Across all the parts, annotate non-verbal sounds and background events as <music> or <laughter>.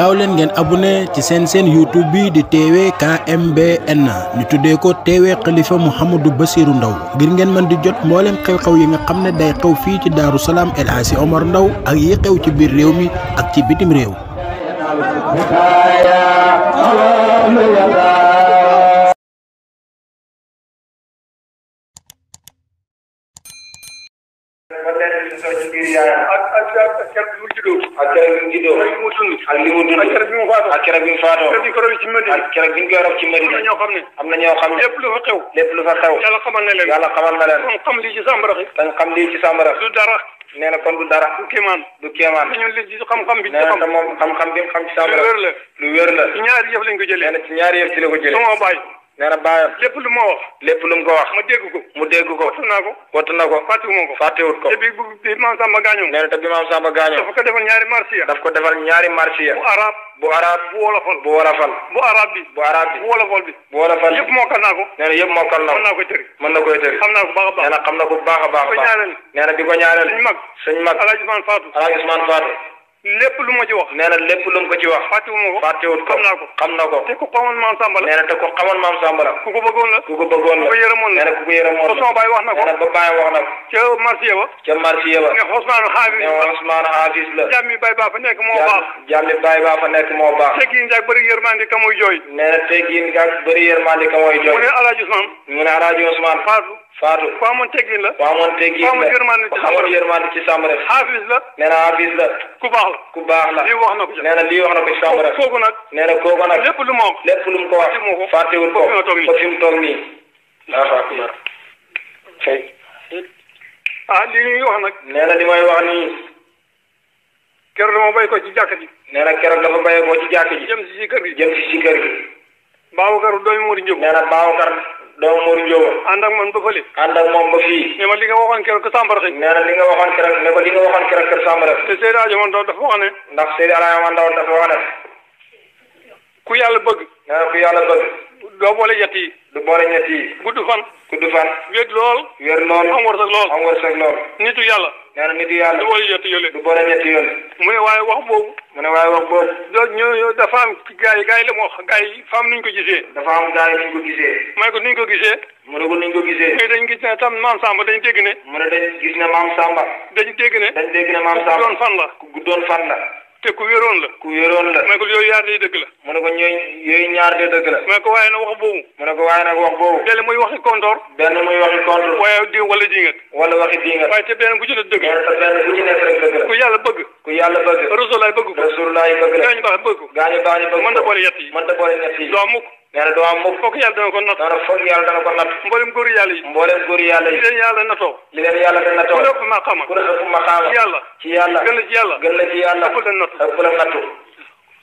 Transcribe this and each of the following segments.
gaaw leen ngeen abonné ci seen seen youtube bi di TV KMBN ñu tuddee ko TV Khalifa Mouhamadou Bassirou Ndao ngir ngeen mën di jot mbooleem xew-xew yi nga xam ne day xew fii ci Daaru Salaam El Hadji Omar Ndao ak yi xew ci biir réew mi ak ci bitim réew juddoo ak keroog bi mu juddoo ak li mu dund ak li mu dund ak keroog bi mu faatoo ak keroog bi mu faatoo keroog bi ñu ko rob ci Medina ak keroog bi ñu koy rob ci Medina am na ñoo xam ne am na ñoo xam ne lépp lu fa xew lépp lu fa xew yàlla xamal na leen yàlla xamal na leen xam lii ci sàmbara dañ xam lii ci sàmbara du dara nee na kon du dara du kéemaan du kéemaan ñun li ci xam-xam bi nee na moom xam-xam bi xam ci sàmbara lu wér la lu wér la ci ñaari yëf lañ ko jëlee nee na ci ñaari yëf ci la ko jëlee sama baay nee na baayam lépp lu ma wax lépp lu mu ko wax ma dégg ko mu dégg ko wattu naa ko wattu na ko fàttewuma ko fàttewut ko te bi bi maam Samba gaañoo nee na te bi maam Samba gaañoo dafa ko defal ñaari marsiya daf ko defal ñaari marsiya bu arab bu arab bu wolofal bu wolofal bu arab bi bu arab bi bu wolofal bi bu wolofal yëpp mokkal naa ko nee na yëpp mokkal na ko mën naa koy tëri mën na koy tëri xam naa ko baax a baax nee na xam na ko baax a baax nee na di ko ñaanal suñ mag suñ mag Alaaji Ousmane Fatou Alaaji Ousmane Fatou lépp lu ma ci wax. nee na lépp lu mu ko ci wax. fàttewuma ko fàttewut ko xam naa ko. xam naa ko te ku xamoon maam Samba la. nee na te ku xamoon maam Samba la. ku ko bëggoon la. ku ko bëggoon la ku ko yërëmoon la. nee na ku ko yërëmoon la. sama baay wax na ko. nee na ba baay wax na ko. ca marché ba. ca marché ba. nga Ousmane Hafiz. nee na Ousmane Hafiz la. jàmmi baay baa fa nekk moo baax. jàmmi baay baa fa nekk moo baax. teggin nga ak bëri yërmande ka mooy jooy. nee na teggin nga ak bëri yërmande ka mooy jooy. mu ne Alaaji Ousmane. mu ne Alaaji Ousmane. Faatu. Fatou ku amoon teggin la. ku amoon teggin la ku amoon yërmande ci sàmm rek. xaafis la. nee na xaafis la. ku baax la. ku baax la lii wax na ko ci. nee na lii wax na ko ci sàmm rek. kooku nag. nee na kooku nag. lépp lu mu wax lépp lu mu ko wax. fàttewul ko ba fi mu toog nii. Allahu akbar. ah li ñuy wax nag. nee na li may wax nii. keroog dama bay ko ci jàkk ji. nee na keroog dafa bayee ko ci jàkk ji. jëm si si kër gi jëm si si kër gi. Babacar doomi Mori Diop. nee na Babacar. doomu Mourou Ndiobo. ànd ak man ba fële. ànd ak moom ba fii. ne ma li nga waxoon keroog kër Sambara xëy. nee na li nga waxoon keroog ne ko li nga waxoon keroog kër Sambara. te Seydou Adja man dafa wax ne. ndax Seydou Adja ku yàlla bëgg. nee yàlla bëgg. doo boole ñett yi. du boole ñett yi. gudd fan. gudd fan. wér lool. wér lool. am wërsëg lool. am wërsëg lool. nitu nee na nitu yàlla. du boole ñetti yoon du boole ñetti yoon. mu ne waaye wax boobu. mu ne waaye wax boobu. loolu ñooñu dafa am gars yi gars yi la mu wax gars yi fa am nuñ ko gisee. dafa am gars yi nuñ ko gisee. mu ne ko nuñ ko gisee. mu ne ko nuñ ko gisee. mais dañ gis ne tam maam Samba dañ dégg ne. mu ne dañ gis ne maam Samba. dañ dégg ne. dañ dégg ne maam Samba. guddoon fan la. guddoon fan la. te ku wéroon la. ku wéroon la. mu ne ko yooyu ñaar de dëgg la. mu ne ko ñooy yooyu ñaar de dëgg la. mu ne ko waaye nag wax bo mu ne ko waaye nag wax boobu. benn muy waxi kontoor. benn muy waxi kontoor. waaye di wala diingat. wala waxi diingat. waaye te benn bu ci la dëgg. te ci nekk rek dëgg la. ku yàlla bëgg. ku yàlla bëgg. rasul laay bëgg ko. naa yi bëgg la gaañu baax bëgg ko gaañu baax ñu bëgg mënta boole ñett yi mënta boole ñett yi doo mukk nee na doo am mukk foog yàlla dana ko natt nee na foog yàlla dana ko natt mboolem góor yàlla yi mboolem góor yàlla yi li leen yàlla natoo li leen yàlla da natoo ku la ëpp ma xama ku la ëpp ma xama ci yàlla ci yàlla gën la ci yàlla gën la ci yàlla ëpp la nattu ëpp la nattu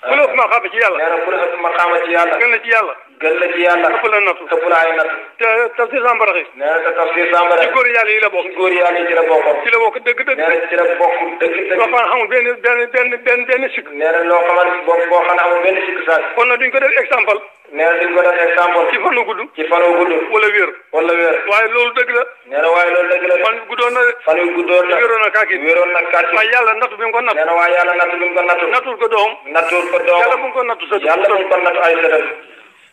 ku la ëpp ma xama ci yàlla nee na ku la ëpp ma xama ci yàlla gën la ci yàlla gën la ci yàlla. ëpp la nattu ëpp la ay nattu. te tafsir Sambaraxi. nee na te tafsir Sambaraxi. ci góor yàlla yi la bokk. ci góor yàlla yi ci la bokkoon. ci la bokk dëgg dëgg. nee na ci la bokk dëgg dëgg. loo xam ne amul benn benn benn benn benn sikk. nee na loo xamante boo boo xam ne amul benn sikk sax. kon nag duñ ko def exemple. nee na duñ ko def exemple. ci fanu gudd. ci fanu gudd. wala wér. wala wér. waaye loolu dëgg la. nee na waaye loolu dëgg la. fan yu guddoon na. fan yu guddoon na wéroon na kàkki. wéroon na kàkki. waaye yàlla nattu bi mu ko nattu. nee na waaye yàlla nattu bi mu ko nattu. nattul ko doom. nattul ko doom. yàlla bu mu ko nattu sa. yàlla bu mu ko nattu ay sëtam.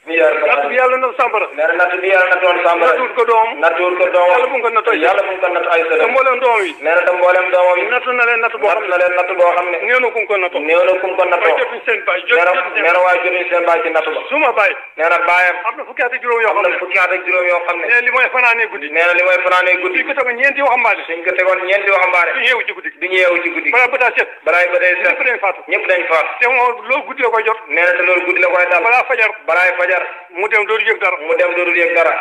bi natt bi yàlla na sàmbara. nee na natt bi yàlla na doon sàmbara. nattuur ko doom. nattuur ko doom. yàlla bu nga ko natt ay yàlla bu nga ko natt ay sële. te mboolem doom yi. nee na te mboolem doom yi. natt na leen natt boo xam ne natt na leen natt boo xam ne. néew na ku mu ko nattoo. néew na ku mu ko nattoo. waaye jotuñ seen baay jotuñ seen baay nee na waaye jotuñ seen baay ci natt ba. su ma bàyyi. nee na bàyyam. am na fukki at ak juróom yoo xam ne am na fukki at ak juróom yoo xam ne. nee na li mooy fanaanee guddi. nee na li mooy fanaanee guddi. suñ ko tegoon ñeenti waxambaane. suñ ko tegoon ñeenti waxambaane. duñ yeewu ci guddi. duñ yeewu ci guddi. balaa ba daa set. balaa ba day set. ñëpp dañ faatu. ñëpp dañ faatu. te moom loolu guddi la koy jot. nee na te loolu guddi la koy dal. balaa fajar. balaa fajar. Hajar. mu dem dootul yëg dara. mu dem dootul yëg dara.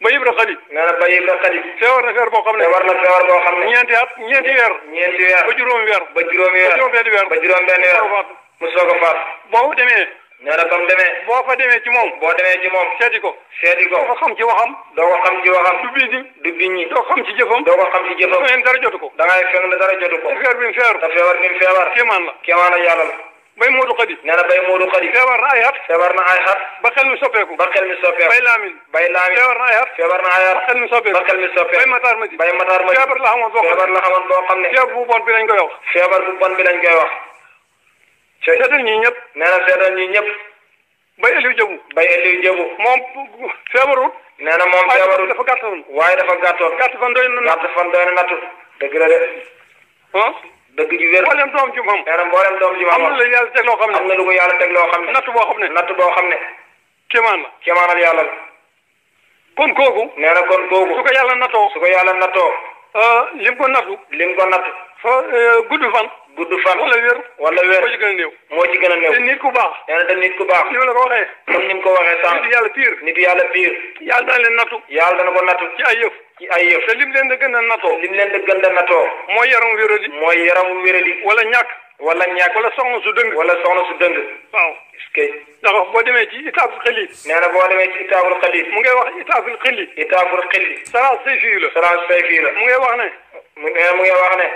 ba Ibra Xali. nee na ba Ibra Xali. feebar na feebar boo xam ne. feebar na feebar boo xam ne. ñeenti at ñeenti weer. ñeenti weer ba juróomi weer. ba juróomi weer ba juróom-benn weer. ba juróom-benn weer mu soog a faat. boo demee. nee na ba mu demee. boo fa demee ci moom. boo demee ci moom. seeti ko. seeti ko doo ko xam ci waxam. doo ko xam ci waxam. du biñ ñi. du biñ ñi. doo ko xam ci jëfam. doo ko xam ci jëfam. da ngay dara jotu ko. da ngay fekk dara jotu ko. feebar bi mu feebar. te feebar bi mu feebar. kéemaan la kéemaan la yàlla la. bay Modou Khady nee na bay Modou Khady feebar na ay at feebar na ay at ba xel mi soppeeku ba xel mi soppeeku bay Lamine bay Lamine feebar na ay at feebar na ay at ba xel mi soppeeku ba xel mi soppeeku bay Matar Madi bay Matar Madi feebar la xamoon boo feebar la xamoon boo xam ne feebar bu bon bi lañ koy wax feebar bu bon bi lañ koy wax seetal ñii ñëpp nee na seetal ñii ñëpp bay Aliou Diabou bay Aliou Diabou moom feebarut nee na moom feebarut dafa gàttoon waaye dafa gàttoon gàtt fan doy na gàtt fan doy na nattu dëgg la de dëgg ji wér mboolem doom ji moom leeram mboolem doom ji moom am na lu yàlla teg loo xam ne am na lu ko yàlla teg loo xam ne natt boo xam ne natt boo xam ne kéemaan la kéemaanal yàlla la kon kooku nee na kon kooku su ko yàlla nattoo su ko yàlla nattoo euh, lim ko nattu lim ko natt fa euh, gudd fan gudd fan wala wér wala wér moo ci gën a néew moo ci gën a néew te nit ku baax nee na te nit ku baax ni ma la ko waxee comme ni mu ko waxee sànq nit yàlla pire nit yàlla pire yàlla dana leen nattu yàlla dana ko nattu ci ay yëf ci ay yëf te lim leen da gën a natoo li leen da gën a natoo mooy yaram wérali mooy yaram wérali wala ñàkk wala ñàkk wala soxna su dëng wala soxna su dëng waaw est-ce ndax boo demee ci itaabul xalil nee na boo demee ci itaabul xalil mu ngay wax itaabul xalil itaabul xalil sarans say fii la sarans say fii la mu ngay wax ne eh, mu ngay wax ne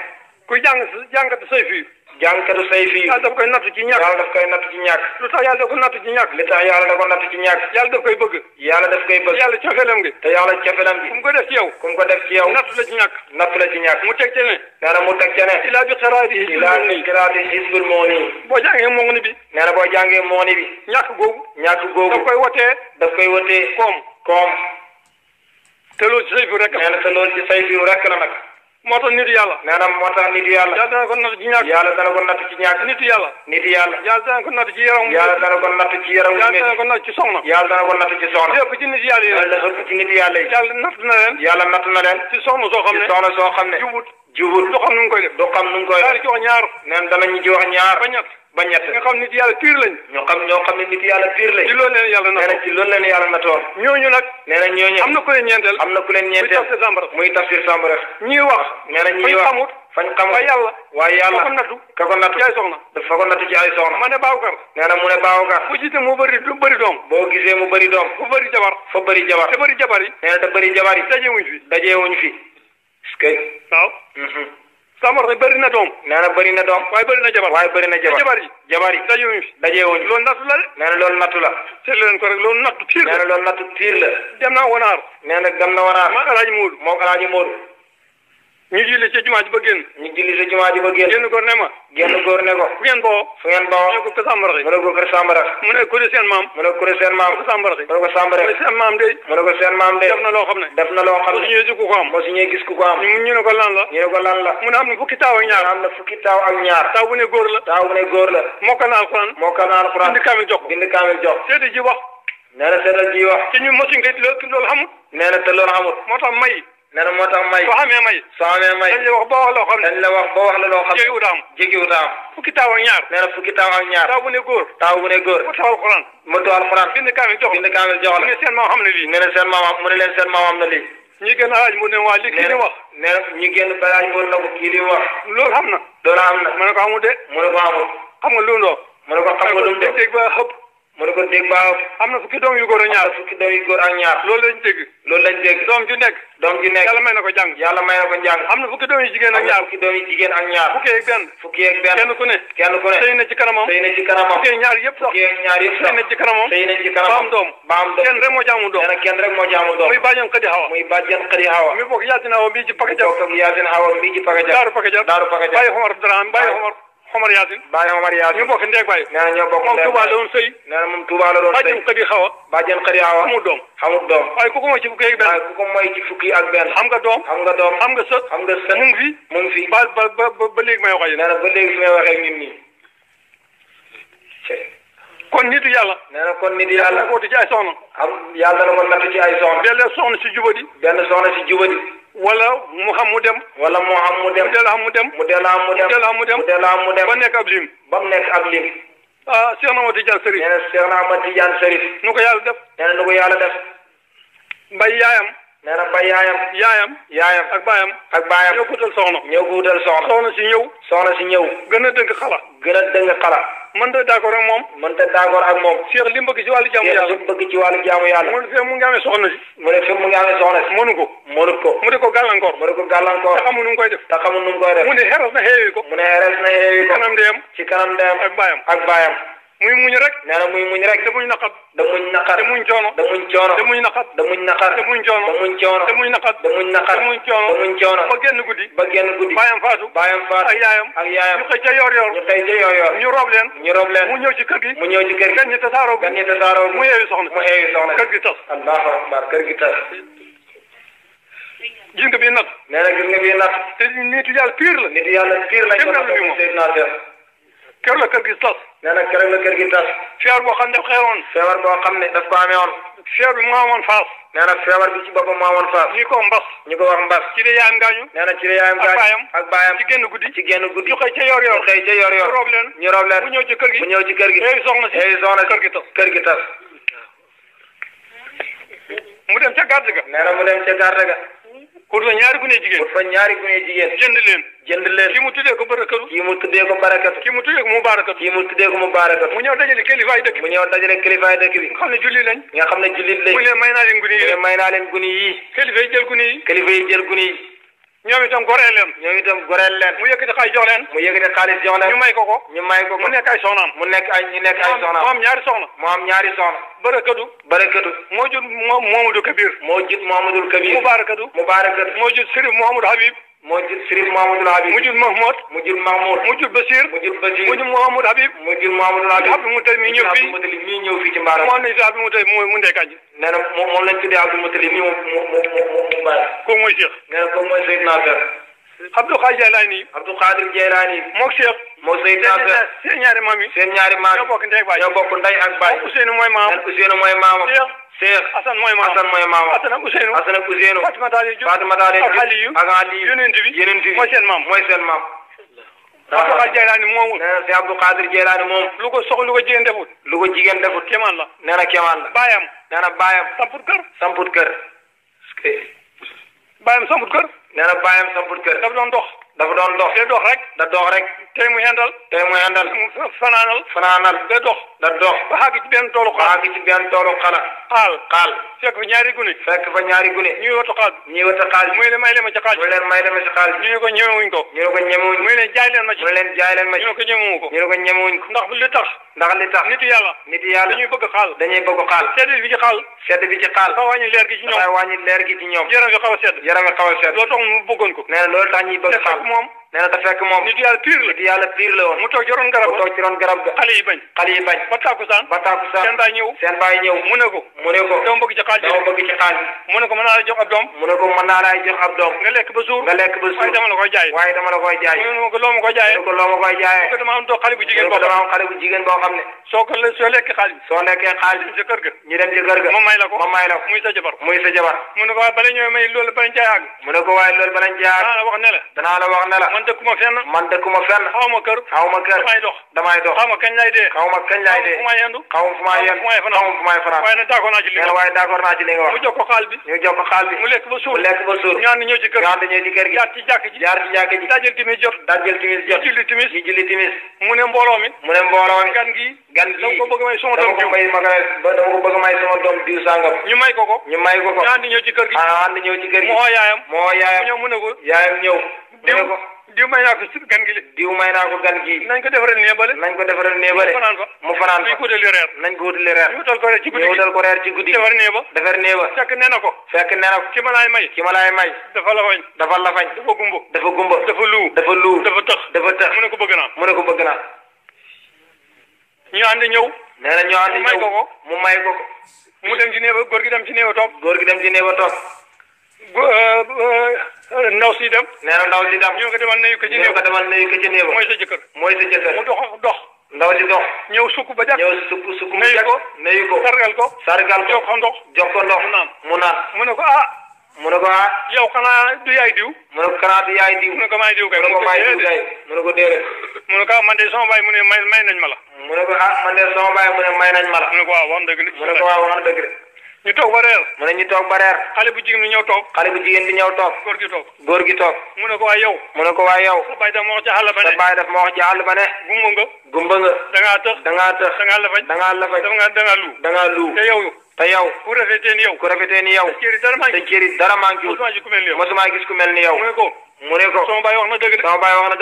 ku jàng jàngat say fii jànkatu say fii yàlla daf koy nattu ci ñàkk yàlla daf koy nattu ci ñàkk lu tax yàlla daf ko nattu ci ñàkk li tax yàlla da ko nattu ci ñàkk yàlla daf koy bëgg yàlla daf koy bëgg yàlla cofeelam gi te yàlla cofeelam gi ku mu ko def ci yow ku mu ko def ci yow nattu la ci ñàkk nattu la ci ñàkk mu teg ce ne nee na mu teg ce ne ilaa bi xiraati ilaa bi xiraati hisbul mooni boo jàngee mooni bi nee na boo jàngee mooni bi ñàkk googu ñàkk googu daf koy wotee daf koy wotee koom koom te loolu ci say fiw rek nee na te loolu ci say fiw rek la nag moo tax nitu yàlla nee na moo tax nitu yàlla yàlla dana ko natt ci ñàkk yàlla dana ko natt ci ñàkk nitu yàlla nitu yàlla yàlla dana ko natt ci yaram yàlla dana ko natt ci yaram yàlla dana ko natt ci soxna yàlla dana ko natt ci soxna lépp ci nitu yàlla yi yàlla ëpp ci nitu yàlla yi yàlla natt na leen yàlla natt na leen ci soxna soo xam ne soxna soo xam ne jubut jubut du xam nu mu koy def du xam nu mu koy def daal di jox ñaar neen danañu jox ñaar ba ñett ba ñett nga xam nit yàlla piir lañ ñoo xam ñoo xam ne nit yàlla piir lañ ci loolu leen yàlla natoon ci loolu leen yàlla natoon ñooñu nag nee na ñooñu am na ku leen ñeenteel am na ku leen ñeenteel muy tafsir sambara muy tafsir wax nee na ñuy wax fañ xamul waaye yàlla waaye yàlla ka ka ko nattu ci ay soxna dafa ko nattu ci ay ma ne baawkar nee na mu ne baawkar bu gisee mu bëri du bëri doom boo gisee mu bëri doom bu bëri jabar fa bëri jabar te bëri jabar yi nee na te bëri jabar Samor de bëri na doom. nee na bëri na doom. waaye bëri na jabar waaye bëri na jabar. jabar yi jabar yi. daje wuñ fi daje wuñ. loolu nattu la de. nee na loolu nattu la. seetlu leen ko rek loolu nattu piir la. nee na loolu nattu piir la. dem na wanaar. nee na dem na wanaar. moo El Hadj Moodu moo El Hadj Moodu. ñu julli ca jumaa ji ba génn. ñu julli ca jumaa ji ba génn. génn góor ne ma. génn góor ne ko. fu ngeen boo. fu ngeen boo. mu ne ko kër Sambaraxi. mu ne ko kër Sambaraxi. mu ne ko seen maam. mu ne ko seen maam. Sambaraxi. mu ne ko Sambaraxi. seen maam de. mu ne ko seen maam de. def na loo xam ne. def na loo xam ne. mosu ñëwee gis ku ko am. mosu ñëwee gis ku ko am. ñu ñu ne ko lan la. ñu ne ko lan la. mu ne am na fukki taaw ak ñaar. am na fukki taaw ak ñaar. taaw bu ne góor la. taaw bu ne góor la. mokkal na alquran. mokkal na alquran. bind kaamil jox ko. bind kaamil jox ko. seede ji wax. nee na seede ji wax. te ñun mosuñ ko loolu xamul. nee na te loolu xamul. moo tax may nee na moo tax may. soo xamee may. soo xamee may dañ la wax ba wax loo xam ne. dañ la wax ba wax la loo xam ne. jéggiwu daam jéggiwu daam. fukki taaw ak ñaar. nee na fukki taaw ak ñaar. taaw bu ne góor. taaw bu ne góor. mu taw alxuraan. mu taw alxuraan. bind kaamil jox la bind kaamil jox la. mu ne seen maam xam ne lii. nee na seen maam mu ne leen seen maam am na lii. ñi gën a laaj mu ne waa li kii di wax. nee na ñi gën a laaj mu ne ko kii di wax. loolu xam na. loolu am na. mu ne ko amul de. mu ne ko amul. xam nga lu mu doon. mu ne ko xam nga lu mu doon. mu ne ko dégg baaw am na fukki doom yu góor ak ñaar fukki doom yu góor ak ñaar loolu lañ dégg loolu lañ dégg doom ju nekk doom ju nekk yàlla may na ko jàng yàlla may na ko jàng am na fukki doom yu jigéen ak ñaar fukki doom yu jigéen ak ñaar fukki ak benn fukki ak benn kenn ku ne kenn ku ne sëy na ci kanamam sëy na ci kanamam fukki ñaar yëpp sax fukki ñaar yëpp sax sëy na ci kanamam sëy na ci kanamam ba am doom ba am doom kenn rek moo jaamu doom kenn rek moo jaamu doom muy bàjjan xadi hawa muy bàjjan xadi hawa mi bokk yaasin hawa mbii ji pakaja bokk yaasin hawa mbii ji pakaja daaru pakaja daaru pakaja bàyyi xomar daraam bàyyi xomar Omar Yaasin Baye Omar Yaasin ñu bokk ndeeg Baye nee na ñoo bokk moom Touba la doon sëy nee na moom Touba la doon sëy bàjjen xëri xawa bàjjen xëri xawa amul doom amul doom waaye ku ko mooy ci fukki ak benn waaye ku ko mooy ci fukki ak benn xam nga doom xam nga doom xam nga sët xam nga sët mu ngi fi mu ngi fi ba ba ba ba léegi may wax ak yéen nee na ba léegi fi may waxee nit ñi kon nitu yàlla nee na kon nitu yàlla kootu ci ay soxna am yàlla dana ko natt ci ay soxna benn soxna si jubadi benn soxna si jubadi wala mu xam mu dem. wala mu xam mu dem mu dellu xam mu dem. mu dellu xam mu dem mu dellu xam mu dem. mu mu dem ba nekk ab lim. ba mu nekk ab lim. ah Cheikh Ahmad Tidiane Cherif. nee na Cheikh Ahmad Tidiane Cherif. nu ko yàlla def. nee nu ko yàlla def. mbay yaayam. nee na ba yaayam. yaayam yaayam ak baayam. ak baayam ñoo ko wutal soxna. ñoo ko wutal soxna. soxna si ñëw. soxna si ñëw. gën a dëng xala. gën a dëng xala. mënta d'accord ak moom. mënta d'accord ak moom. Cheikh li mu bëgg ci wàllu jaamu yàlla. li mu bëgg ci wàllu jaamu yàlla. mu ne fii mu ngi amee soxna si. mu ne fii mu ngi amee soxna si. mënu ko. mënu ko. mu ne ko gàllankoor. mu ne ko gàllankoor. te xamul nu mu koy def. te xamul nu mu koy def. mu ne xeres na xeewi ko. mu ne xeres na xeewi ko. ci kanam ndeyam. ci kanam ndeyam ak baayam. ak baayam. muy muñ rek nee na muy muñ rek te muñ naqar da muñ naqar te muñ coono da muñ coono te muñ naqar da muñ naqar te muñ coono da muñ coono te muñ naqar da muñ naqar te muñ coono da muñ coono ba génn guddi ba génn guddi bàyyam faatu bàyyam faatu ak yaayam ak yaayam ñu xëy ca yoor yoor ñu xëy ca yoor yoor ñu roob leen ñu roob leen mu ñëw ci kër gi mu ñëw ci kër gi gan ñi tasaaroo gan ñi tasaaroo mu yeewi soxna mu yeewi soxna kër gi tas allahu akbar kër gi tas gis nga bii nag nee na gis nga bii nag te nitu yàlla pire la nitu yàlla pire la كرو كرجيز تاس نانا كرو كرجيز تاس فيار بو خاندي خيرون فيار بو خاندي داف باميون فيار بو ماون فاس نانا فيار بي سي بابا ماون فاس ني كو مباس ني كو واخ مباس تي ري يام غانيو نانا تي ري يام غاني اك بايام تي генو غودي تي генو غودي خاي تي يور يور خاي تي يور يور بروبلين ني روبلين بو نيو تي كرجي بو نيو تي كرجي اي زون اي زون كرجي تاس كرجي تاس مودم تي غارجا نانا مودم تي غارجا wut fa ñaari gune jigéen wut fa ñaari gune jigéen jënd leen jënd leen kii mu tuddee ko barakatu kii mu tuddee ko barakatu kii mu tuddee ko mu barakatu kii mu tuddee ko mu barakatu mu ñëw dajale kilifaay dëkk bi mu ñëw dajale kilifaay dëkk bi nga xam ne julli lañ nga xam ne julli lañ mu ne may naa leen gune yi may naa leen gune yi kilifa yi jël gune yi kilifa yi jël gune yi ñoom itam goreel leen ñoom itam goreel leen mu yëkkati xaalis jox leen mu yëkkati xaalis jox leen ñu may ko ko ñu may ko ko mu nekk ay soxnaam mu nekk ay ñu nekk ay soxnaam mu am ñaari soxna mu am ñaari soxna barakatu barakatu moo jur Momadou Kabir moo jur Momadou Kabir mubaarakatu mubaarakatu moo jur Sérif Mohamadou Habib moo jur Chérif Mahamadou Habib mu jur Mahmoud mu jur Mahmoud mu jur Bachir mu jur Bachir mu jur Mouhamadou Habib mu jur Mouhamadou Habib Abdou Moutalib mi ñëw fii mi ñëw fii ci Mbaaram moo ne si Abdou Moutalib mu mu ndeykaaj nee na moom moom lañ tuddee Abdou Moutalib mi mu mu mu mu Mbaaram kooku mooy Cheikh nee na kooku mooy Seydina Cheikh Abdou Khadir Jeylaani Abdou Khadir Jeylaani mook Cheikh moo Seydina Cheikh seen ñaari maam yi seen ñaari maam ñoo bokk ndey ak baay ñoo bokk ndey ak baay Ousseynou mooy maam Ousseynou mooy maam شيخ حسن موي مام حسن موي مام حسن ابو زينو حسن ابو زينو فاطمه دالي جو فاطمه دالي جو علي علي يونس بي يونس بي موي سين مام موي سين مام عبد القادر جيلاني مومul nee na عبد القادر جيلاني moom lu ko sox lu ko jigéen defut lu ko jigéen defut kemaan la nee na kemaan la baayam nee na baayam samput kër samput kër baayam samput kër nee na baayam samput kër dafa doon dox dafa doon dox da dox rek da dox rek tey mu hendal tey mu hendal mu fanaanal fanaanal da dox da dox ba xàgg ci benn toolu xala xàgg ci benn toolu xala xaal xaal fekk fa ñaari gune fekk fa ñaari gune ñuy wata xaal ñuy wata xaal muy leen may leen ma ci xaal muy leen may leen ma ci xaal ñu ne ko ñemewuñ ko ñu ne ko ñemewuñ muy leen jaay leen ma ci muy leen jaay leen ma ci ñu ne ko ñemewuñ ko ñu ne ko ñemewuñ ko ndax li tax ndax li tax nitu yàlla nitu yàlla dañuy bëgg xaal dañuy bëgg xaal sedd bi ci xaal sedd bi ci xaal dafa wàññi leer gi ci ñoom dafa wàññi leer gi ci ñoom yaram yi xaw a sedd yaram yi xaw a sedd loolu tax mu bëggoon ko nee na loolu tax ñuy bëgg xaal moom nee na te fekk moom nit yàlla piir la nit yàlla piir la woon mu toog ci ron garab mu toog ci ron garab ga xale yi bañ xale yi bañ ba tàkkusaan ba tàkkusaan seen baay ñëw seen a ñëw mu ne ko mu a ko dama bëgg ci xaalis dama bëgg ci xaalis mu ne ko mën waaye dama la koy jaay waaye dama la koy jaay mu ne ko loo ma koy ko loo ma koy ko dama am doo xale bu jigéen boo dama am xale bu jigéen boo xam ne soo ko soo lekkee xaalis soo lekkee ma may ko ma may la ko jabar muy sa jabar mu ne ko waaye man dëkkuma fenn man dëkkuma fenn xaw ma kër xaw ma kër damay dox damay dox xaw ma kañ lay dee xaw ma kañ lay dee xaw ma fu may yendu xaw ma fu may yendu xaw ma fu may fanaan waaye nag d'accord naa ci li nga waaye d'accord naa ci li nga wax mu jox ko xaal bi ñu jox ko xaal bi mu lekk ba suur mu lekk ba suur ñaan ñëw ci kër ñaan ñëw ci kër gi jaar ci jàkk ji jaar ci jàkk ji dajal timis jot dajal timis jot ñu julli timis ñu julli timis mu ne mbooloo mi mu ne mbooloo mi gan gi gan gi dama ko bëgg may sama doom diw dama ko bëgg may sama doom diw sàngam ñu may ko ko ñu may ko ko ñaan ñëw ci kër gi ñaan ñëw ci kër gi moo yaayam moo yaayam ñëw mu ne ko yaayam ñëw mu ne ko diw may naa ko gan gi diw may naa ko gan gi nañ ko defaral nee bale nañ ko defaral nee bale mu fanaan fa nañ ko wutali reer nañ ko wutali reer ñu wutal ko reer ci guddi gi ñu wutal ko reer ci guddi gi defar nee ba defar nee ba fekk nee na ko fekk nee na ko ki ma laay may ki ma laay may dafa la fañ dafa la fañ dafa gumba dafa gumba dafa luu dafa luu dafa tëx dafa tëx mu ne ko bëgg naa mu ne ko bëgg naa ñu ànd ñëw nee na ñu ànd ñëw mu may ko ko mu dem ci nee ba góor gi dem ci nee ba toog góor gi dem ci nee ba toog ndaw si dem. nee na ndaw si dem. ñoo ko demal nuyu ko ci néew. ñoo ko demal nuyu ko ci néew. mooy sa jëkkër. mooy sa jëkkër. mu dox dox. ndaw si dox. ñëw sukk ba jàpp. ñëw sukk sukk ba jàpp. nuyu ko sargal ko. sargal ko jox ko ndox. jox ko ndox mu naan mu ne ko ah. mu ne ko ah. yow xanaa du yaay diw. mu ne ko xanaa du yaay diw. mu ne ko maay diw kay. mu ne ko maay diw kay. mu ne ko déedéet. mu ne ko ah sama baay mu ne may may nañ ma mu ne ko ah man sama baay mu ne may nañ ma la. mu ne ko waaw wax dëgg de. mu ne ñu toog ba reer mu ne ñu toog ba reer xale bu jigéen bi toog xale bu jigéen bi toog góor gi toog góor gi toog mu ne ko waay yow mu ne ko waay yow sa baay daf ma wax ba ne sa baay daf ma wax ci àll ba ne gumba nga gumba nga da ngaa tëx da ngaa tëx da ngaa lafañ da ngaa lafañ da ngaa luu da ngaa luu te yow te yow ku rafetee ni yow ku rafetee ni yow ko sama baay wax na dëgg de sama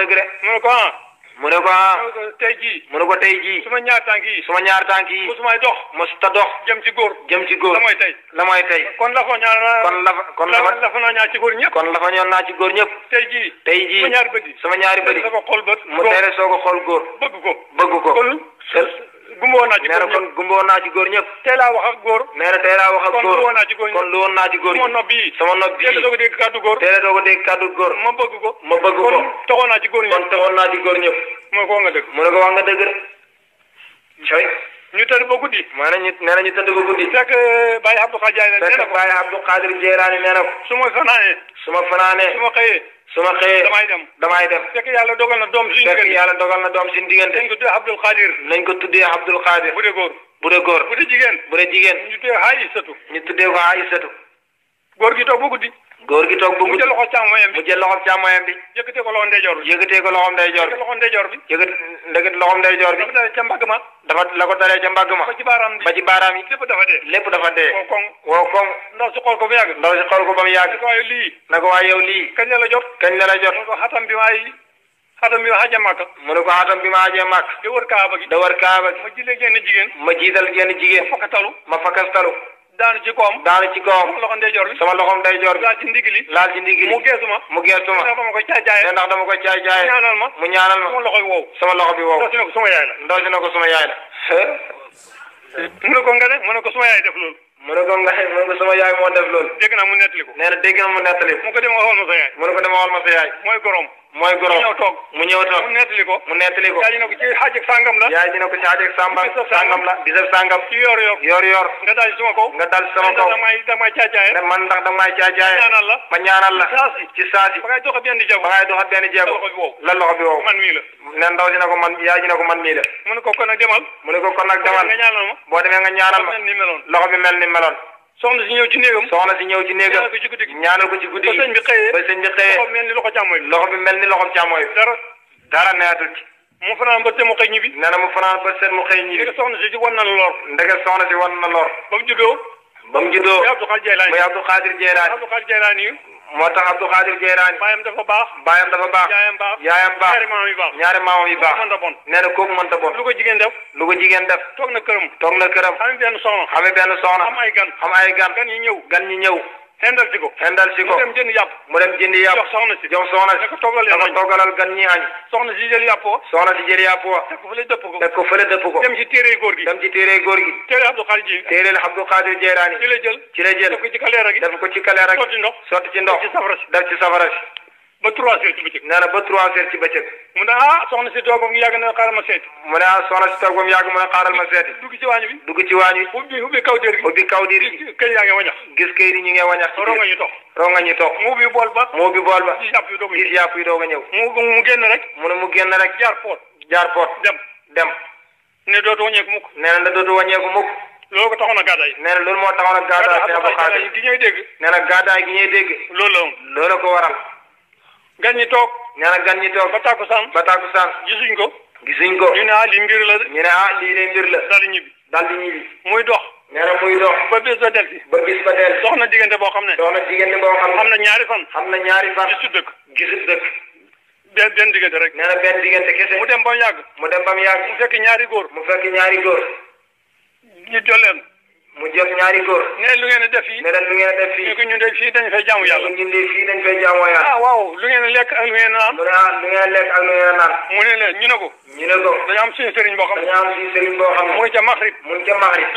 ko ah mu ne ko tey jii mu ne ko tey jii suma ñaar tànk yi suma ñaar tànk yi musumaay dox musuta dox jëm ci góor jëm ci góor la mooy tey la mooy tey kon la fa ñaar kon la kon la fa ñaar ci góor ñëpp kon la fa ñoon naa ci góor ñëpp tey jii tey jii suma ñaari bët yi suma ñaari bët yi mu tere soo ko xool góor bëgg ko bëgg ko gumboo naa ci góor ñëpp nee na kon gumboo naa ci góor ñëpp tey laa wax ak góor nee na tey laa kon lu woon naa ci góor ñëpp kon lu woon naa ci góor ñëpp sama nopp bii sama nopp bii tey la doo ko dégg kàddu góor tey la ko dégg kàddu ma kon taxoon naa ci góor ñëpp kon taxoon naa ci góor ñëpp mu ne ko wax nga dëgg ñu tëdd ba guddi. maanaam ñu nee na ñu tëdd ba guddi. fekk eh, Baye Abdou Khadir Jeylaani nee na ko fekk Baye Abdou Khadir Jeylaani nee na ko. su ma fanaanee. su ma fanaanee. su ma xëyee. su ma xëyee damay dem damay dem. fekk yàlla dogal na doom suñu diggante fekk yàlla dogal na doom suñu diggante. nañ ko tuddee Abdul Khadir. nañ ko tuddee Abdul Khadir. bu dee góor bu dee góor. bu dee jigéen bu dee jigéen. ñu tuddee ko Aïssatou. ñu tuddee ko Aïssatou. góor gi toog ba guddi. góor gi toog bu mu jël loxo càmmoyam bi mu jël loxo càmmoyam bi yëkkatee ko loxo ndeyjoor bi yëkkatee ko loxo ndeyjoor bi loxo ndeyjoor bi yëkkat ndëgët loxo ndeyjoor bi ca mbagg ma dafa la ko dalee ca mbagg ma ba ci baaraam ba ci baaraam yi lépp dafa dee lépp dafa dee woo koŋ woo koŋ ndaw si xool ko ba yàgg ndaw si xool ko ba mu yàgg na ko waaye yow lii kañ la la jot kañ la la jot xatam bi maay xatam bi ma xaajee màkk mu ne ko xatam bi ma xaajee màkk da wër kaaba gi da wër kaaba gi ma jilee genn jigéen ma jiital genn jigéen ma fakkastalu daanu ci koom daanu ci koom sama loxo ndeyjoor bi sama loxo ndeyjoor bi laal ci ndigli laal ci ndigli mu geesu ma mu geesu ma ndax ko caay jaaye ndax dama ko caay jaaye ñaanal ma mu ñaanal ma sama loxo bi wow sama loxo bi wow ndox na ko sama yaay la ndox na ko sama yaay la mu ne ko nga ne mu ne ko sama yaay def loolu mu ne ko nga mu ne ko sama yaay moo def loolu dégg naa mu nettali ko nee na dégg naa mu nettali mu ko dem waxoon ma sa yaay mu ne ko dem waxoon ma mooy goro mu ñëw toog mu ñëw toog mu nettali ko mu nettali ko yaay ji ne ko ci xaajeg sàngam la yaay ji ne ko ci xaajeg sàmbam sàngam la bisab sàngam ci yoor yoor yoor yoor nga daal sama kaw nga daal ci sama kaw damay damay caacaaye man ndax damay caacaaye ñaanal la ma ñaanal la ci saasi ba ngay doxat benn jéego ba ngay doxat benn jéego la loxo bi wow man mii la ne ndaw si ko man yaay ji ne ko man mii la mu ne ko kon nag demal mu ne ko kon nag demal boo demee nga ñaanal ma loxo bi mel ni meloon soxna si ñëw ci néegam soxna si ñëw ci néegam ñaanal ko ci guddi gi ñaanal ko ci guddi gi ba sëñ bi xëyee ba sëñ bi xëyee loxo mel ni loxo càmmooy loxo bi mel ni loxo càmmooy dara dara neetul ci mu fanaan ba seen mu xëy ñibbi nee na mu fanaan ba seen mu xëy ñibbi ndeke soxna si ci wan na lor ndeke soxna si wan na lor ba mu juddoo ba mu juddoo muy Abdou Khadir Jeylaani muy Abdou Khadir Jeylaani moo tax Abdou Khadir Jeyraani. baayam dafa baax. baayam dafa baax. yaayam baax. yaayam baax ñaari maamam yi baax. ñaari maamam yi baax. mënta bon. nee na kooku mënta bon. lu ko jigéen def. lu ko jigéen na këram. toog na këram. xame benn soxna. xame benn soxna. am ay gan. am ay gan. gan gan ñi xendal ci ko xendal ci ko mu dem jëndi yàpp mu dem jëndi yàpp jox soxna si jox soxna si dama toggalal gan ñi añ soxna si jël yàpp soxna si jël yàpp teg ko fële dëpp ko teg ko fële dëpp ko dem ci téere góor gi dem ci téere góor gi téere Abdou Khadir ji téere Abdou Khadir Jeeraani ci la jël ci la jël def ko ci kaleera gi def ko ci kaleera gi sotti ndox sotti ci ndox def ci safara si ba trois heures ci bëccëg nee na ba trois heures ci bëccëg mu ne ah si toog ba mu yàgg na xaaral ma seeti ne ah, si toog ba mu yàgg mu ne ci waañ bi dugg ci waañ bi ubbi ubbi kaw diir gi ubbi kaw diir gi kër yaa ngi wañax gis kër yi ñu ngi wañax ronga ñu toog ronga ñu toog mu ubbi bool ba mu ubbi bool ba gis yàpp yi doog a ñëw mu génn rek mu ne mu génn rek jaar poot jaar poot dem dem ne dootu wàññeeku mukk nee na dootu wàññeeku mukk loolu ko taxoon a moo taxoon a gàddaay gi gi ñuy dégg loolu la ko waral gan ñi toog. nee na gan ñi toog ba tàkkusaan. ba tàkkusaan gisuñ ko. gisuñ ko ñu ne ah li mbir la de. ñu ne ah, lii de mbir la. daal di ñibbi daal di ñibbi. muy dox. nee muy dox. ba bis ba ba bis ba delsi. dox na diggante boo xam ne. dox na diggante boo xam ne. am na ñaari fan. am na ñaari fan. gisu dëkk. gisu dëkk. benn benn diggante rek. nee na benn diggante kese. mu dem ba mu yàgg. mu dem ba mu yàgg. mu fekk ñaari góor. mu fekk ñaari góor. ñu jolleen. mu jël ñaari góor. ne lu ngeen ne leen lu a def fii. ñu ne fii dañu fay jaamu yàlla. ne fii dañu fay jaamu yàlla. ah waaw lu ngeen a lekk ak lu ngeen a naan. lu ngeen a mu ne leen ñu ne ko. ñu ne ko. dañu am suñu sëriñ boo xam ne. dañu xam ne. mu ngi ca Maghrib. mu ngi ca Maghrib.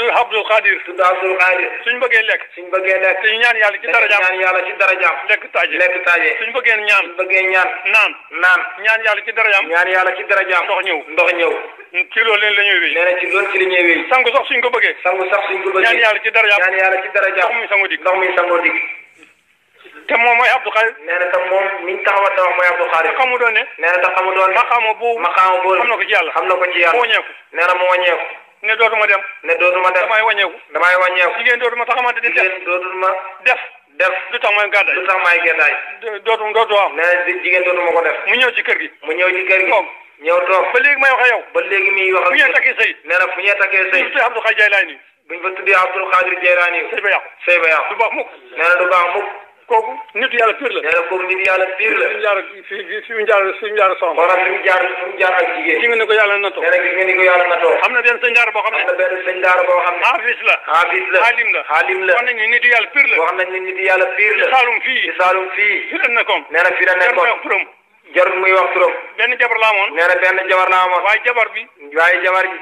Qadir. tudd Qadir. suñu bëggee lekk. suñu bëggee lekk. te ñu ñaan yàlla ci darajaam. ñaan yàlla ci darajaam. lekk taaje. lekk taaje. suñu bëggee ñaan. suñu bëggee ñaan. naan. naan. ñaan yàlla ci darajaam. ñaan yàlla ci darajaam. ndox ñëw ndox ñëw. ci loolu leen la ñuy wéy nee na ci loolu ci la ñuy wéy sangu sax suñ ko bëggee sangu sax suñ ko bëggee ñaan yàlla ci dara jàpp ñaan yàlla ci dara jàpp ndox mi sangoo dig ndox mi sangoo dig te moom mooy Abdou Khadir nee na te moom miñ taxawal te wax mooy Abdou Khadir te xamu doon ne nee na te xamu doon ne maxaama boobu maxaama boobu xam na ko ci yàlla xam na ko ci yàlla wàññeeku nee na mu wàññeeku ne dootuma dem ne dootuma dem damay wàññeeku damay wàññeeku jigéen dootuma taxamante di def dootuma def def du tax may gàddaay du tax may gàddaay dootum dootu am nee na jigéen dootuma ko def mu ñëw ci kër gi mu ñëw ci kër gi ñëw toog ba léegi may wax ak yow ba léegi mi wax ak fu ñee takkee sëy nee na fu ñee takkee sëy tuddee Abdou Khadir Jaylaani buñ fa tuddee Abdou Khadir Jaylaani sëy ba yàqu sëy ba yàqu du baax mukk nee na du baax mukk kooku nit yàlla pire la nee na kooku nit yàlla pire la jaar fi fi mu jaar fi mu jaar soxna xoolal fi mu jaar fi mu jaar ak jigéen gis nga ni ko yàlla natoo nee na gis nga ni ko yàlla natoo xam na benn sëñ daara boo xam ne am na benn sëñ daara boo xam ne xaafis la xaafis la xaalim la xaalim la wax nañ ne nit yàlla pire la wax nañ ne nit yàlla pire la ci Saalum fii ci Saalum fii fi la nekkoon nee na fi la nekkoon jarul muy wax turam. benn jabar la amoon. nee na benn jabar la amoon. waaye jabar bi. waaye jabar bi.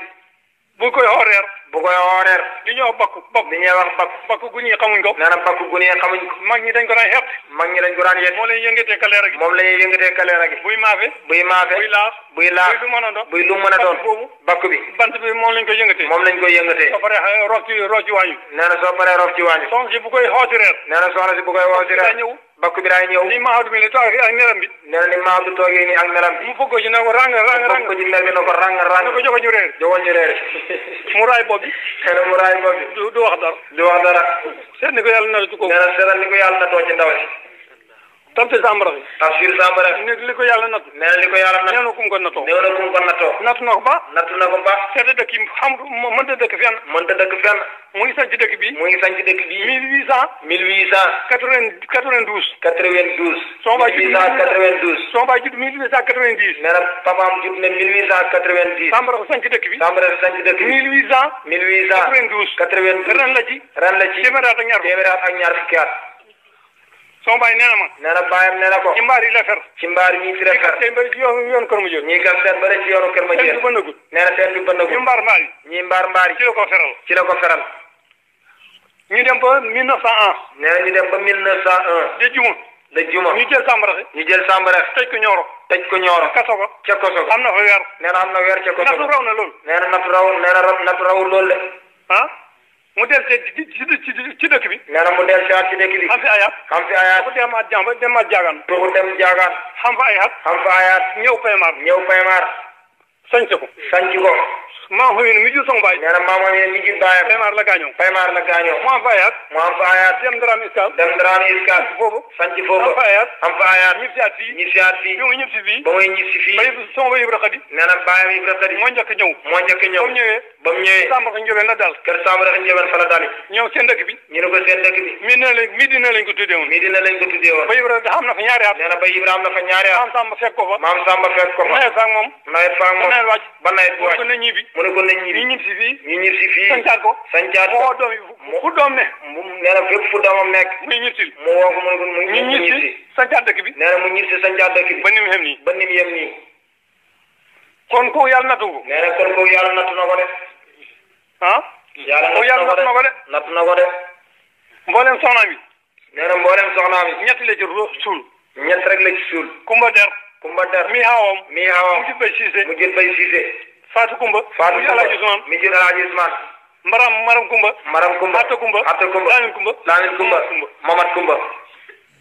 bu koy horeer. bu koy horeer. li ñuy wax bakku bakku. li ñuy wax bakku. bakku gu ñuy xamuñ ko. nee na bakku gu ñuy xamuñ ko. mag ñi dañ ko daan xeet. mag ñi dañ ko daan yet. moo lay yëngatee kaleera gi. moom la ñuy yëngatee kaleera gi. buy maafe. buy maafe buy laaf. buy laaf buy lu mën a doon. buy lu mën a doon bakku bi. bant bi moom lañ koy yëngatee. moom lañ koy yëngatee. soo paree eh, roof ci roof ci waañu. nee na soo paree roof ci waañu. soxna si bu koy xooti reer. nee na soxna si bu koy xooti reer. bakku biraay ñëw ni Mahadou mi la toogee ak nelam bi nee na ni Mahadou toogee nii ak nelam bi mu fëggoo ci ne ko rang rang rang ko ci ner rang rang ne ko joxo ñu réer joxo ñu réer <laughs> mu raay bopp bi xëy na mu raay bopp bi du wax dara du wax dara seet ni ko yàlla na ko nee na seetal ni ko yàlla na too ci tampi sàmbara bi tafsir sàmbara bi ne li ko yàlla natt nee na li ko yàlla natt nee na ku mu ko nattoo nee na ku mu ko nattoo natt na ko ba natt na ko ba seeta dëkk yi xam mën ta dëkk fenn mën ta dëkk fenn mu ngi sanc dëkk bi mu ngi sanc dëkk bi mille huit cent mille huit cent quatre-vingt-douze quatre-vingt-douze son baay judd quatre-vingt-douze son baay judd mille huit cent quatre-vingt-dix nee na papaam judd na mille huit cent quatre-vingt-dix sàmbara ko sanc dëkk bi sàmbara ko sanc dëkk bi mille huit cent mille huit cent quatre-vingt-douze quatre-vingt-douze ren la ci ren la ci téeméer ak ñaar téeméer ak ñaar fukki at sama baay nee na ma. nee na baayam nee na ko. ci mbaar yi la fer. ci mbaar yi fi la fer. ñii gas seen yoonu kër ma jël. ñii gas seen bële ci yoonu kër ma jël. seen bi bënnagut. nee na seen bi bënnagut. ñi mbaar mbaar yi. ñi mbaar mbaar yi. ci la ko feral. ci la ko feral. ñu dem ba 1901. nee na ñu dem ba 1901. de juma. de juma ñu jël sàmbara si. ñu jël sàmbara si. tëj ko ñooro. tëj ko ñooro. ca Kosovo. ca Kosovo. am na fa weer. nee na am na weer ca Kosovo. nattu raw na loolu. nee na nattu raw nee na nattu rawul loolu de. ah. mu del see ci ci ci dëkk bi. nee na mu del si ci dëkk bi. xam fi ayaat. xam fi ayaat. ku dem ak jàmm dem ak jaagaan. ku dem jaagaan. xam fa ayaat. xam fa ayaat. ñëw Paymar. ñëw Paymar. sañ ko. sañ ko. maam xam yéen mi jur sama baay nee na maam xam yéen mi jur baayam Faymaar la gaañoo Faymaar la gaañoo mu am fa ayaat mu am fa ayaat dem Daraame Iskaal dem Daraame Iskaal foofu sanc foofu am fa ayaat am fa ayaat ñib si at fii ñib si at fii bi muy ñib si fii ba muy ñib si fii bay sama bay Ibra Xadi nee na baayam Ibra Xadi moo njëkk ñëw moo njëkk ñëw ba mu ñëwee ba mu ñëwee Samba Rax Njoobeen la daal kër Samba Rax Njoobeen fa la daal ñëw seen dëkk bi ñu ne ko seen dëkk bi mii dina lañ mii dina lañ ko tuddee woon mii dina lañ ko tuddee woon bay Ibra am na fa ñaari at nee na bay Ibra am na fa ñaari at maam Samba fekk ko fa maam Samba fekk ko fa nawet faak moom nawet faak moom ba nawet bu wàcc na ñibbi mu ne ko nañ ñibbi ñu ñib si fii ñu ñib si ko sancaat ko moo doom fu doom ne nee na fépp fu doomam nekk mu woo ko mu ne mu ñib mu ñib si sancaat dëkk bi ba ni mu yem ba ni mu yem nii kon kooku yàlla nattu ko nee na kon kooku yàlla nattu na ko de ah yàlla nattu na ko de nattu na ko de mboolem soxnaam yi nee na mboolem soxnaam yi ñett la ci suul ñett rek la ci suul kumba der kumba der mi xawam mi xawam mu jël bay siise mu jël bay siise faatu kumba faatu kumba alaaji usmaan mi jël alaaji usmaan maram maram kumba maram kumba atta kumba atta kumba laamin kumba laamin kumba mamat kumba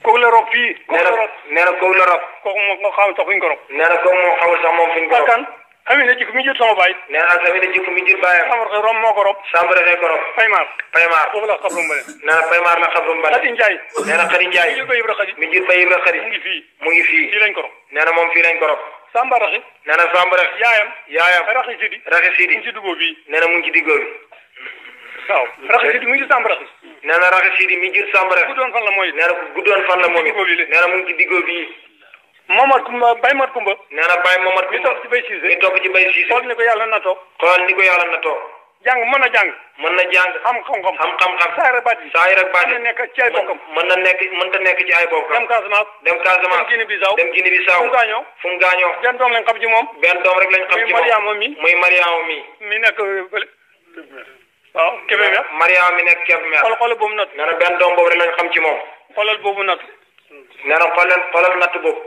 kooku la rob fii nee na nee na kooku la rob kooku moom moo xamul sax fuñ ko rob nee na kooku moo xamul sax moom fuñ ko rob kan xamee na jikko mi jël sama baay nee na xamee na jikko mi jël baayam sambar xe rom moo ko rob sambar xe ko rob paymar paymar foofu la xabrum bale nee na paymar la xabrum bale xadi njaay nee na xadi njaay mi jël bay ibra xadi mi jël bay ibra xadi mu ngi fii mu ngi fii fii lañ ko rob nee na moom fii lañ ko rob Samba Raxi. nee na Samba Raxi. yaayam. yaayam Raxi Sidi. Raxi Sidi mu ngi ci diggoo bi. nee na mu ngi ci diggoo bi. waaw Raxi Sidi mu ngi ci Samba Raxi. nee na Raxi Sidi mi jur Samba Raxi. guddoon fan la mooy. nee na fan la moom it. nee na mu ngi ci diggoo bi. Mamad Mat Kumba. nee na Baye Mamad mi topp ci ci Baye Cissé. xool ni ko yàlla natoo. xool ni ko yàlla natoo. jàng mën na jàng mën na jàng xam xam-xam xam xam-xam saayir ak baat yi saayir ak baat yi mën na nekk ci ay bokkam mën na nekk mën na nekk ci ay bokkam dem Casamance dem Casamance dem Guinée Bissau dem Guinée Bissau fu mu gaañoo fu mu gaañoo benn doom lañ xam ci moom benn doom rek lañ xam ci moom muy Mariama mi muy Mariama mi mi nekk fële waaw Kébémer Mariama mi nekk Kébémer xool xoolal boobu natt nee na benn doom boobu rek lañ xam ci moom xoolal boobu natt nee na xoolal xoolal natt boobu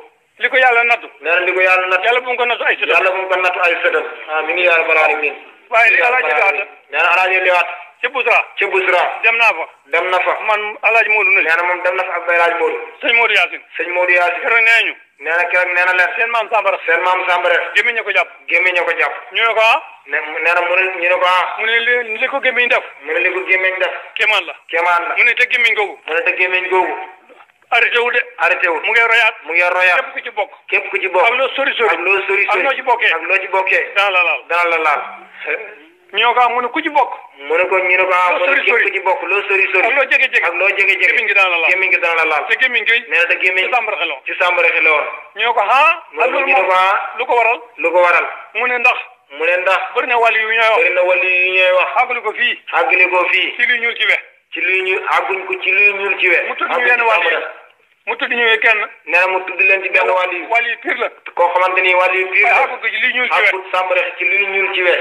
li ko yàlla natt nee na li ko yàlla natt yàlla bu mu ko natt ay sëtam yàlla bu mu ko natt ay sëtam ah mi ngi yaa rabbal alamin waaye li alaaji liwaat nee na alaaji dem na fa dem na fa man alaaji Moodu nee na moom dem na fa ak bay alaaji Moodu sëñ Moodu Yaasin sëñ Moodu Yaasin keroog nee ñu nee na keroog nee na leen seen maam Sambara seen maam Sambara gémmiñ ña ko jàpp gémmiñ ña ko jàpp ñu ne ko ah ne nee na mu ne ñu ko ah mu ne li li ko gémmiñ def mu ne li ko gémmiñ def kéemaan la kéemaan la mu ne te gémmiñ googu mu ne te gémmiñ googu arrêté wu de arrêté wu mu ngi royaat mu ngi royaat képp ku ci bokk képp ku ci bokk ak loo sori sori ak loo sori sori loo ci bokkee ak loo la laal ñu ne ko ah mu ne ku ci bokk. mu ne ko ñu ne ko ah mu ne ku ci bokk loo sori sori. ak loo jege jege ak loo jege jege. gémmiñ gi daan la laal gémmiñ gi daan la laal. te gémmiñ gi. nee na te gémmiñ ci sàmbara xeloon. ci sàmbara xeloon. Ah, ñu ne ko ah. alul moom lu ko waral. lu ko waral. mu ne ndax. mu ne ndax. bëri na wàll yu ñooy wax bëri na wàll yu ñooy wax. àggale ko fii. àggale ko fii. ci luy ñuul ci we. ci luy ñuul àgguñ ko ci luy ñuul ci we. mu tudd ñu yenn wàll yi mu tudd ñëwee kenn. nee na mu tudd leen ci benn wàll yi. wàll yi pire la. koo xamante ni wàll yi pire la. àggu ci luy ñuul ci we. àggu sàmbara ci luy ñuul ci we.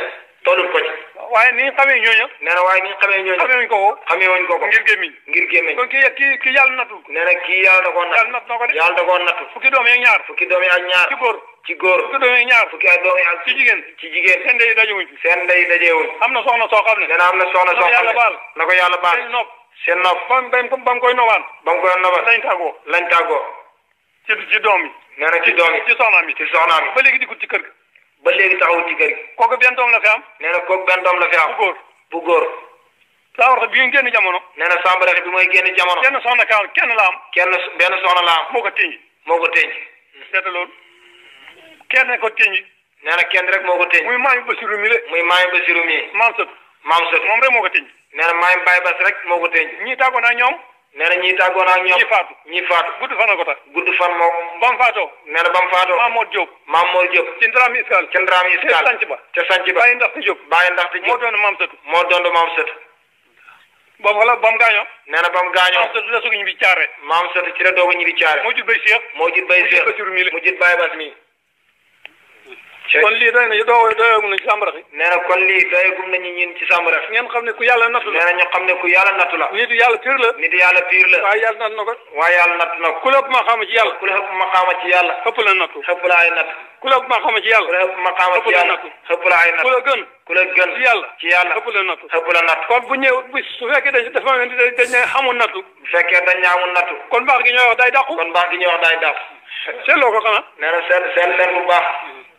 tolum ko ci waaye ni xamee ñooña nee na waaye ni xamee ñooña xamee wuñ ko ko xamee wuñ ko ko ngir gémmiñ ngir gémmiñ kon kii ki ya- kii yàlla natu nee na kii da koo natu yàlla natu ko de da koo natu fukki doom yeeg ñaar fukki doom yeeg ñaar ci góor ci góor fukki doom yeeg ñaar fukki doom yeeg ci jigéen ci jigéen seen ndey dajewuñ seen ndey dajewuñ am na soxna soo xam ne nee soxna soo xam ne yàlla baal na ko yàlla baal seen nopp seen bam bam koy bam koy lañ lañ ci ci ci ci ci ba ci kër ga ba léegi taxawul ci kër gi. kooku benn doom la fi am. nee na kooku benn doom la fi am. bu góor bu góor. Sambara bi ngeen jamono. nee na Sambara bi mooy génn jamono. kenn soxna kaan kenn la am. kenn benn soxna la am. moo ko tënji. moo ko tënji. seeta loolu kenn ko tënji. nee na kenn rek moo ko tënji. muy maami Basiru mi le. muy maami Basiru mi. maam sët. maam sët moom rek moo ko tënji. nee na maami Baye rek moo ko tënji. ñii tàggoo naa ñoom. nee na ñiy tàggoon ak ñoom ñi faatu ñi faatu gudd fan la ko tax gudd fan moo ba mu faatoo nee na ba mu faatoo Mamour Diop Mamour Diop ci ndaraam iskal ci ndaraam iskal ca sanc ba ca sanc ba bàyyi ndax ti Diop bàyyi ndax ti Diop moo doon maam sëtu moo doon maam sëtu boobu xala ba mu gaañoo nee na ba mu gaañoo maam sëtu la sugu ñu bi caare maam sëtu ci la dooga ñu bi caare moo jur bay Cheikh moo jur bay Cheikh mu jur bàyyi bas mi kon lii doy nañu doo doyagum nañu ci sàmbara fi nee na kon lii doyagum nañu ñun ci sàmbara fi ngeen xam ne ku yàlla nattu la nee na ñu xam ne ku yàlla nattu la nitu yàlla piir la nitu yàlla piir la waaye yàlla natt na ko waaye yàlla natt na ko ku la ëpp ma xama ci yàlla ku la ëpp ma xama ci yàlla xëpp la nattu xëpp la ay natt ku la ëpp ma xama ci yàlla ku la ëpp ma xama ci yàlla xëpp la ay natt ku la gën ku la gën ci yàlla ci yàlla xëpp la nattu xëpp la nattu kon bu ñëw bu su fekkee dañ dafa mel ni dañ ne xamul nattu bu fekkee dañ ne xamul nattu kon baax gi ñuy wax day dàqu kon baax gi ñuy wax day dàqu seetloo ko xanaa nee na seet seet leen bu baax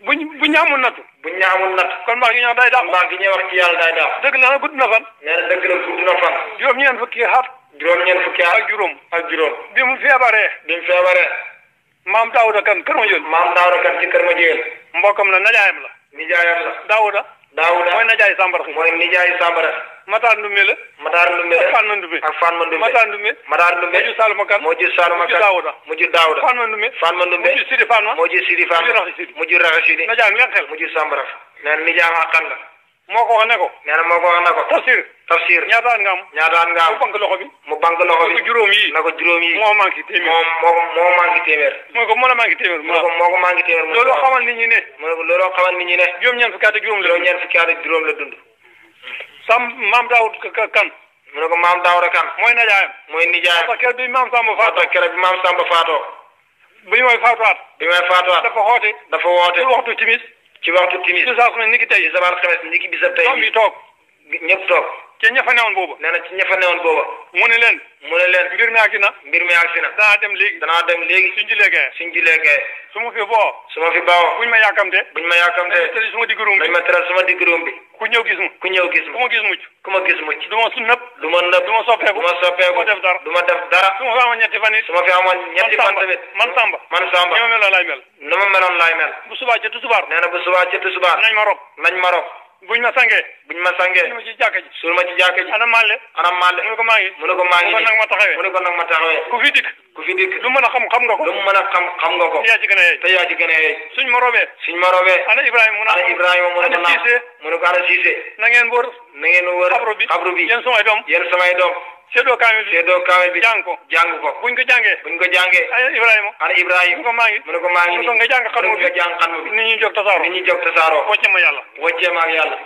buñ bu ñu amul nattu. bu ñu amul kon maa ngi ñëw day daaw. maa ngi ñëw wax ci yàlla day daaw. dëgg gudd na fan. nee na dëgg la gudd na fan. juróom-ñeent fukki at. juróom-ñeent fukki at ak juróom. ak juróom. bi mu feebaree. bi mu feebaree. maam Daouda kan kër ma jël. maam Daouda kan ci kër ma jël. mbokkam la najaayam la. nijaayam la. Daouda. Daouda mooy nijaay Sambara. mooy nijaay Sambara. Matar Ndumbe la. Matar Ndumbe la ak Fatma Ndumbe. ak Fatma Ndumbe Matar Ndumbe. Matar Ndumbe moo ji Salma Kan. moo ji Salma Kan mu ji Daouda. Fatma Ndumbe Fatma Ndumbe mu ji Sidi Fatma. moo ji Sidi Fatma mu ji Raxa Sidi. Nadiane ngeen xel mu ji Samba Raf. nee na Nadiane wax kan la. moo ko wax ne ko. nee na moo ko wax ne ko. Tafsir. Tafsir ñaata at nga am. ñaata at nga am mu bank loxo bi. mu bank loxo bi na ko juróom yii na ko juróom yii. moo manqué téeméer moo moo manqué téeméer. moo ko moo la manqué téeméer. moo ko moo ko manqué téeméer. looloo xamal nit ñi ne. moo looloo xamal nit ñi ne. juróom-ñeent fukki at ak juróom la dund. juróom-ñeent fukki at ak juróom la dund. sam maam Daawud kan. mu ne ko maam Daawud kan. mooy nijaayam. mooy nijaayam parce que bi maam Samba faatoo. parce que bi maam Samba faatoo. bi mooy faatuwaat. bi mooy faatuwaat. dafa xoote. dafa woote ci waxtu timis. ci waxtu timis. ci saa su ne ni ki tey. ci sabaan xames ni ki bisab yi toog. ñëpp toog. ca ña fa newoon booba. nee na ci ña fa newoon booba. mu ne leen. mu ne leen mbir mi àgg na. mbir mi àgg na. danaa dem léegi. danaa dem léegi. suñ ji léegi. suñ ji léegi. su ma fi boo. su ma fi boo. buñ ma yàkkamte. buñ ma yàkkamte. tëral su ma digg ruum bi. nañ ma tëral su ku digg ruum bi. ku ñëw gis mu. ku ñëw gis mu. ku ma gis mucc. ku ma gis mucc. du ma su nëb. du ma nëb. du ma soppeeku. du ma soppeeku. du ma def dara. du ma def dara. su ma fi amoon ñetti fan it. su ma fi amoon ñetti fan tamit. nañ ma buñ ma sangee. buñ ma sangee. suul ma ci jàkka ji. suul ma ci jàkka ji. ana maale. ana maale. mu ko maa ngi. ko maa ngi. ko nag ma taxawee. mu ko nag ma taxawee. ku fi dikk. ku fi dikk. lu mën a xam xam nga ko. lu mën a xam xam nga ko. te yaa ci gën a yeey. te yaa ci gën a yeey. suñ ma robee. ma robee. ana Ibrahima mu ne. ana Ibrahima mu ne ko naa. ana Cissé. mu ne ko ana Cissé. na ngeen wër. na ngeen wër. xabru bi xabru bi. yéen samay doom. yéen samay doom. seedoo kaamil bi bi jàng ko jàng ko buñ ko jàngee buñ ko jàngee ana Ibrahima ana Ibrahima mu ko maa ngi mu ne ko maa ngi mu ne ko nga jàng xatmu bi nga jàng xatmu bi ni ñuy jóg tasaaroo ni ñuy jóg tasaaroo wàcce ma yàlla wàcce ma ak yàlla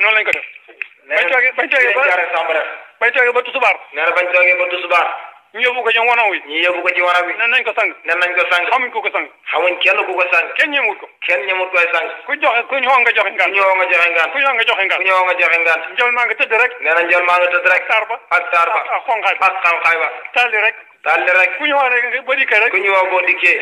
noonu lañ ko def bañ toogee bañ toogee ba bañ toogee ba tusubaar nee na bañ toogee ba tusubaar ñu yóbbu ko ci wanag wi ñu yóbbu ko ci wanag wi nen nañ ko sang nen nañ ko sang xamuñ ku ko sang xamuñ kenn ku ko sang kenn ñemut ko kenn ñemut koy sang ku joxe ku ñëwoon nga joxe ngaan ku ñëwoon nga joxe ngaan ku ñëwoon nga joxe ngaan ku ñëwoon nga joxe ngaan njol maa nga tëdd rek nee na njol maa nga tëdd rek taar ba ak taar ba ak xonqaay ba ak xonqaay ba tàlli rek tàlli rek ku ñu wax rek boo dikkee rek ku ñu wax boo dikkee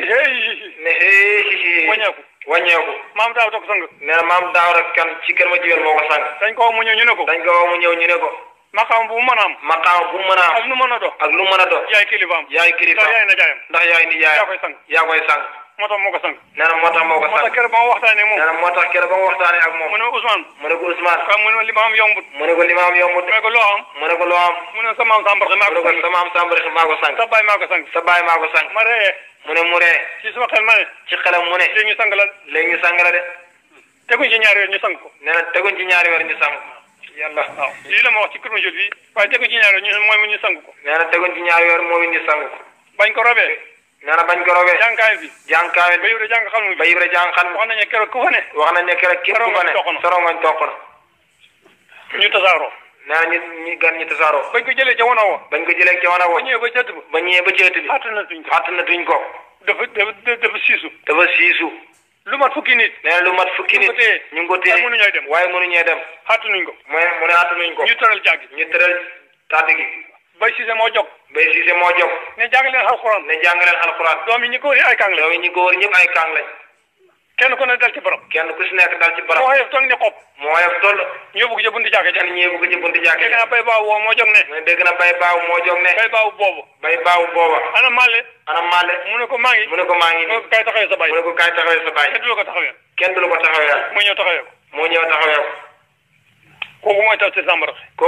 ne hee wañeeku wàññeeku maam daaw da ko sang nee na maam daaw rek kan ci kër ma jiwel moo ko sang dañ ko mu ñëw ñu ne ko dañ ko mu ñëw ñu ne ko maqaam bu mën a am. maqaam bu mën a am. ak lu mën a dox. ak lu mën a dox. yaay kilifaam. yaay kilifaam ndax yaay na jaayam. ndax yaay ni jaayam. yaa koy sang. yaa koy sang. moo tax moo ko sang. nee na moo tax moo ko sang. moo tax keroog ba ma waxtaanee moom. nee na moo tax keroog ba ma waxtaanee ak moom. mu ne Ousmane. mu ne ko Ousmane. waaw mu ne ma li ma am yombut. mu ne ko li ma am yombut. mu ne ko loo am. mu ne ko loo am. mu ne sama am sàmbar maa ko sang. mu ne ko sama am sàmbar maa ko sang. sa baay maa ko sang. sa baay maa ko sang. ma ree. mu ne mu ree. ci sama xel ma ne. ci xelam mu ne. léegi ñu sang la. léegi ñu sang la de. teguñ ci ñaari weer ñu sang ko. nee na teguñ ci ñaari weer ñu sang ko. yàlla waaw lii la ma wax ci chronologie bi waaye teguñ ci ñaari yoon mooy mu ñu sang ko. nee na teguñ ci ñaari yoon mooy ñu sang ko. bañ ko robee. nee na bañ ko robee. jànkaay bi jànkaay bi. ba Ibra jàng xalmu bi ba Ibra jàng xalmu. wax nañ ne keroog ku fa ne. wax nañ ne keroog képp ku fa ne sorong ngañ toq na. ñu tasaaroo. nee na ñu ñu gan ñu tasaaroo. bañ ko jëlee ca wana woo. bañ ko jëlee ca wana woo. ba ñëwee ba cët ba. ba ñëwee ba cët bi. àttanatuñ ko àttanatuñ ko. dafa dafa dafa siisu. dafa siisu. lu mat fukki nit. nee na lu mat fukki nit ñu ngi ko téye waaye mënuñoo dem waaye mënuñoo dem. xaatunuñ ko. mooy mu ne xaatunuñ ko. ñu tëral jàng ñu tëral taati gi. Bay Cissé moo jóg. Bay Cissé moo jóg. ne jàng leen alxuraan. ne jàng leen alxuraan. doom yi ñi ko wër ay kàng lañ. doom yi ko wër ñëpp ay kàng kenn ku ne dal ci borom kenn ku si nekk dal ci borom moo yef ni xob moo yef tol ñoo bëgg jëbunti bëgg jëbunti dégg na bay baaw ne dégg na bay baaw ne bay baaw boobu bay baaw ana male ana male mu ne ko maa mu ne ko maa ko kay taxawee sa baay mu ne ko kay taxawee sa baay kenn du ko taxawee kenn du ko taxawee moo ñëw taxawee ko moo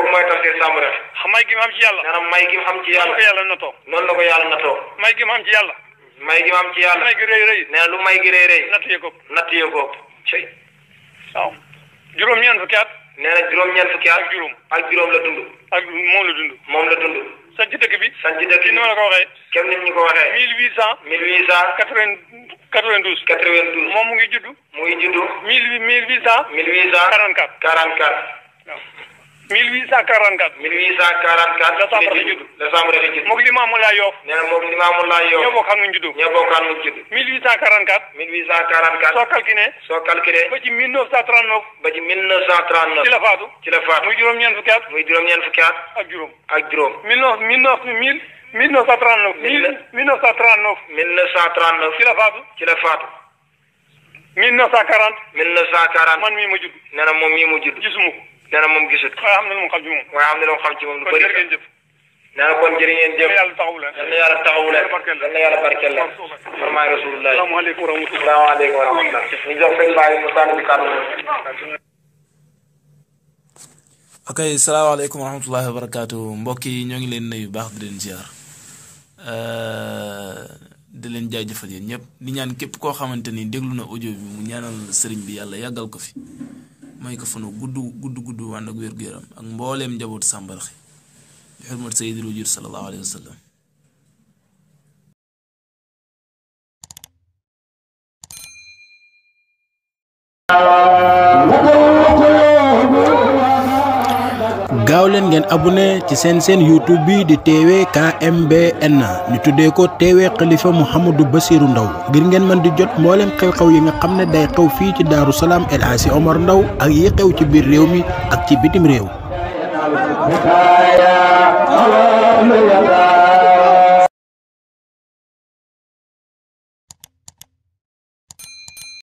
ñëw taxawee xamay gi xam ci nana may gi xam ci la ko may gi xam ci may gi maam ci yàlla may gi rëy rëy nee na lu may gi re rëy natt yee kopp natt yee kopp cey waaw juróom-ñeent fukki at nee na juróom-ñeent fukki at ak juróom ak juróom la dund ak moom la dund moom la dund sañ ci dëkk bi sañ ci dëkk bi ni ma la ko waxee kenn nit ñi ko waxee mille huit cent mille huit cent quatre-vingt-douze quatre moom mu ngi judd mu ngi judd mille mille huit cent mille huit cent quarante 1844. 1844. décembre la judd décembre la judd. moog Limaamu Laay Yoof. nee na moog Limaamu Laay Yoof. ñoo bokk xam nuñ judd. ñoo bokk xam nuñ judd. 1844. 1844. soo calculé. soo calculé. ba ci 1939. ba ci 1939. ci la faatu. ci la faatu muy juróom-ñeent fukki at. muy juróom-ñeent fukki at. ak juróom. ak juróom. 19 19 1939. 1939. 1939. ci la faatu. ci la faatu. 1940. 1940. man mii ma judd. nee na moom mii mu judd. gisuma ko. nee na moom gisut. am na lu mu xam ci moom. waaye am na lu mu xam wa barakaatu mbokk yi ñoo ngi leen nuyu baax di leen ziar eh, di leen jaajëfal yi ñëpp di ñaan képp koo xamante ni déglu na audio bi mu ñaanal sëriñ bi yàlla yàggal ko fi may ko fanu gudd gudd gudd wànd ak wér gu yaram ak mbooleem njabootu sàmbarxi bi xurmat sayyidil wujud sallallahu alayhi wa gaaw leen ngeen ne ci seen seen youtube bi di TV KMBN ñu tuddee ko mu Khalifa du basiiru ndaw ngir ngeen mën di jot mbooleem xew-xew yi nga xam ne day xew fii ci Daaru Salaam El Hadji Omar Ndao ak yi xew ci biir réew mi ak ci bitim réew